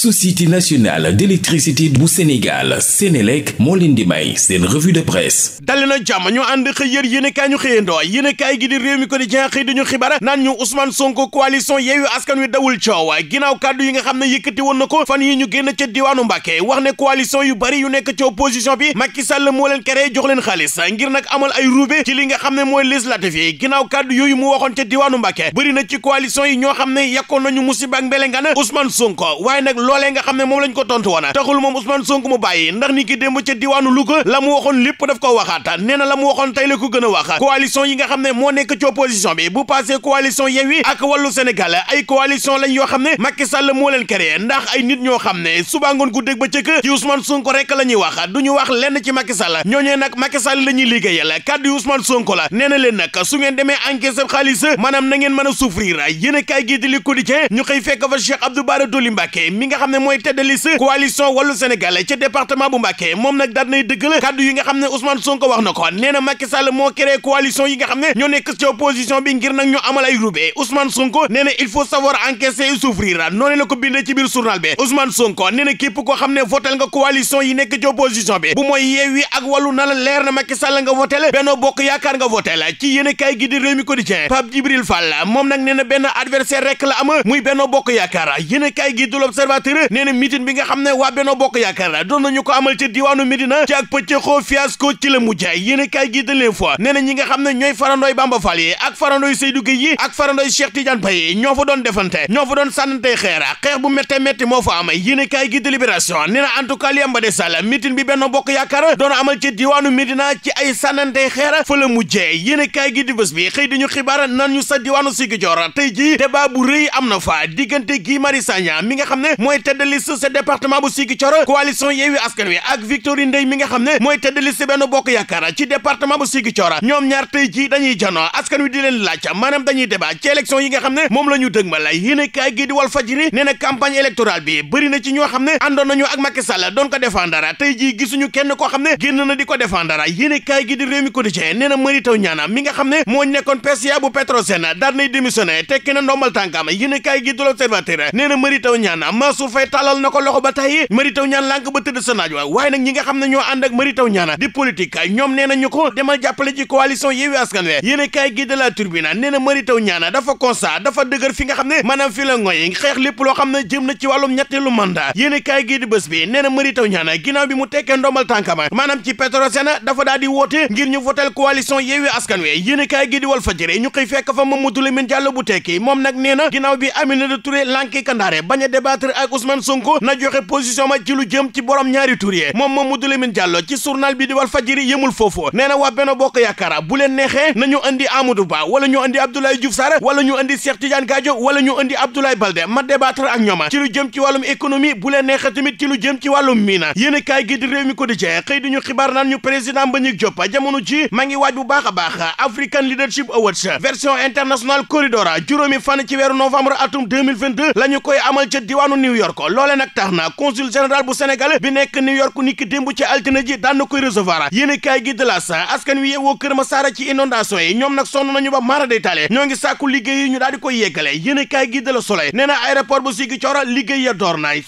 société nationale d'électricité bu Sénégal Sénélec moo leen di may seen revue de presse dali na jàmm ñu ànd xëy yër yéenekaay ñu xëyandoo yéenekaay gi di réew mi ko di jenxëy di ñu xibaar naan ñu Ousmane Sonko coalition Yewwi Askan Wi dawul coow ginnaaw kàddu yi nga xam ne yëkkati woon na ko fan yi ñu génn ca diwaanu Mbàkke wax ne coalition yu bari yu nekk ci opposition bi Macky Sall moo leen créé jox leen xaalis ngir nag amal ay roube ci li nga xam ne mooy législative yi ginnaaw kàddu yooyu mu waxoon ca diwaanu Mbàkke bëri na ci coalition yi ñoo xam ne yàkkoon nañu musiba loolee nga xam ne moom lañ ko tontu woon taxul moom Ousmane Sonko mu bàyyi ndax ni ki démb ca diwaanu Louga la mu waxoon lépp daf ko waxaata nee na la mu waxoon tey la ko a wax coalition yi nga xam ne moo nekk ci opposition bi bu passé coalition Yewwi ak wàllu Sénégal ay coalition lañ yoo xam ne Macky Sall moo leen créé ndax ay nit ñoo xam ne suba ngoon gu dég ba cëkk ci Ousmane Sonko rek la ñuy wax du ñu wax lenn ci Macky Sall ñooñee nag la ñuy leen nag su ngeen demee encaisse maanaam na ngeen mën a souffrir a kaay gii di li quotidien ñu xëy xam ne mooy tête de liste coalition wàllu Sénégal ci département bu Mbacké moom nag daal nay dëggal kaddu yi nga xam ne Ousmane Sonko wax na ko nee na Macky Sall moo créé coalition yi nga xam ne ñoo nekk ci opposition bi ngir nag ñu amal ay rubé Ousmane Sonko nee il faut savoir encaisser et souffrir noonu la ko bindee ci biir journal bi Ousmane Sonko nee na képp koo xam ne votel nga coalition yi nekk ci opposition bi bu mooy Yewwi ak wàllu na leer na Macky Sall nga votel Benno Bokk Yaakaar nga votel ci yéen kaay gi di Rewmi Quotidien Pape na benn adversaire rek muy Benno Bokk Yaakaar l'observateur nee bi nga xam ne waa Benno Bokk Yaakaar la doon ko amal ci diwaanu Médina ci ak pëccëxoo fiasco a kaay gi nga xam ne ñoo fa doon defante doon sànnantey xeer xeex bu métte métti moo fa am yéen a kaay gi de Libération nee li am ba des sall meeting bi Benno Bokk Yaakaar doon amal ci gi di bés bi xëy diñu xibaar nan ñu sa diwaanu Ziguinchor tey ji débat bu rëy am na fa diggante Guy Marius mi nga xam ne mooy nekk tête de liste sa département bu Ziguinchor coalition Askan Wi ak Victorine dey mi nga xam ne mooy tête de se Benno Bokk Yaakaar ci département bu Ziguinchor ñoom ñaar tey ji dañuy janoo askan wi di leen laaj maanaam dañuy débat ci élection yi nga xam ne moom la ñu dëgmal yéen a kaay gi di Walf Fadjri nee na campagne électorale bi bëri na ci ñoo xam ne àndoon nañu ak Macky sala doon ko défendre tey ji gisuñu kenn koo xam ne génn na di ko défendre yéen a kaay gi di Rewmi Quotidien nee na Mary Teuw Niane mi nga xam ne moo nekkoon PCA bu Petrosen daal nay démissionné tekki na a kaay gi di L'Observateur nee na Mary Teuw Niane Mansour Faye tàllal na ko loxo ba tey Mary Teuw Niane wa waaye nag ñi nga xam ne ñoo ànd ak Mary Teuw Niane di ñoom nee na ñu ko demal jàppale ci coalition Yewwi Askan Wi yéen a kaay gi de la Tribune loo xam ne jëm na ci wàllum ñetteelu a kaay gi di bés bi nee na Mary bi mu tekkee ndombal tànkama maanaam ci Petrosen dafa daal woote ñu votel coalition Yewwi Askan Wi yéen a kaay di Walf Fadjri ñu xëy fekk fa Mamadou Lamine Diallo bu tekki moom nag nee na bi Aminata Touré Ousmane Sonko na joxe position ma ci lu jëm ci borom ñaari tur moom moom Mamadou Lamine Diallo ci journal bi di Walf Fadjri yëmul foofu nee na waa Benno Bokk Yaakaar bu leen neexee nañu andi Amadou Ba wala ñu andi Abdoulaye Diouf Sarr wala ñu andi Cheikh Tidiane Gadio wala ñu andi Abdoulaye Baldé ma débattre ak ñooma ci lu jëm ci wàllum économie bu leen neexee tamit ci lu ci wàllum miina yéen a kaay gi di réew mi ko di jeex xëy di ñu xibaar naan ñu président Mbagnick Diop jamono ji ma ngi waaj bu baax a baax African Leadership Awards version internationale corridora juróomi fan ci weeru novembre atum 2022 la ñu koy amal ca diwaanu recevoir ko loole nag tax na consul général bu Sénégal bi nekk New York ni ki démb ci altine ji daan na koy recevoir yéen kaay gi de la sa askan wi yeewoo Kër Masara ci inondation yi ñoom nag sonn nañu ba mara day taale ñoo ngi sàkku liggéey ñu daal di koy yeggale yéen kaay gi de la Soleil nee na aéroport bu Ziguinchor liggéey ya door ne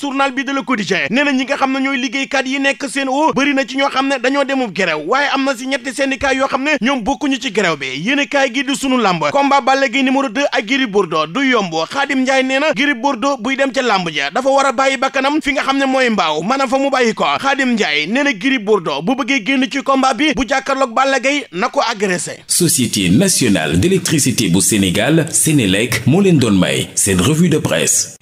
yi nekk seen o bëri na ci ñoo xam ne dañoo demub gerew waaye am na si ñetti syndicat yoo xam ne ñoom bokkuñu ci gerew bi yéen kaay gi di dafa war a bàyyi kanam fi nga xam ne mooy mbaaw maanaam fa mu bàyyi ko Xaadim Njaay nee na Gris doo bu bëggee génn ci combat bi bu jàkkaarloog Balla Gaye na ko agressé Société nationale d'électricité bu Sénégal Sénélec moo leen doon may seen revue de presse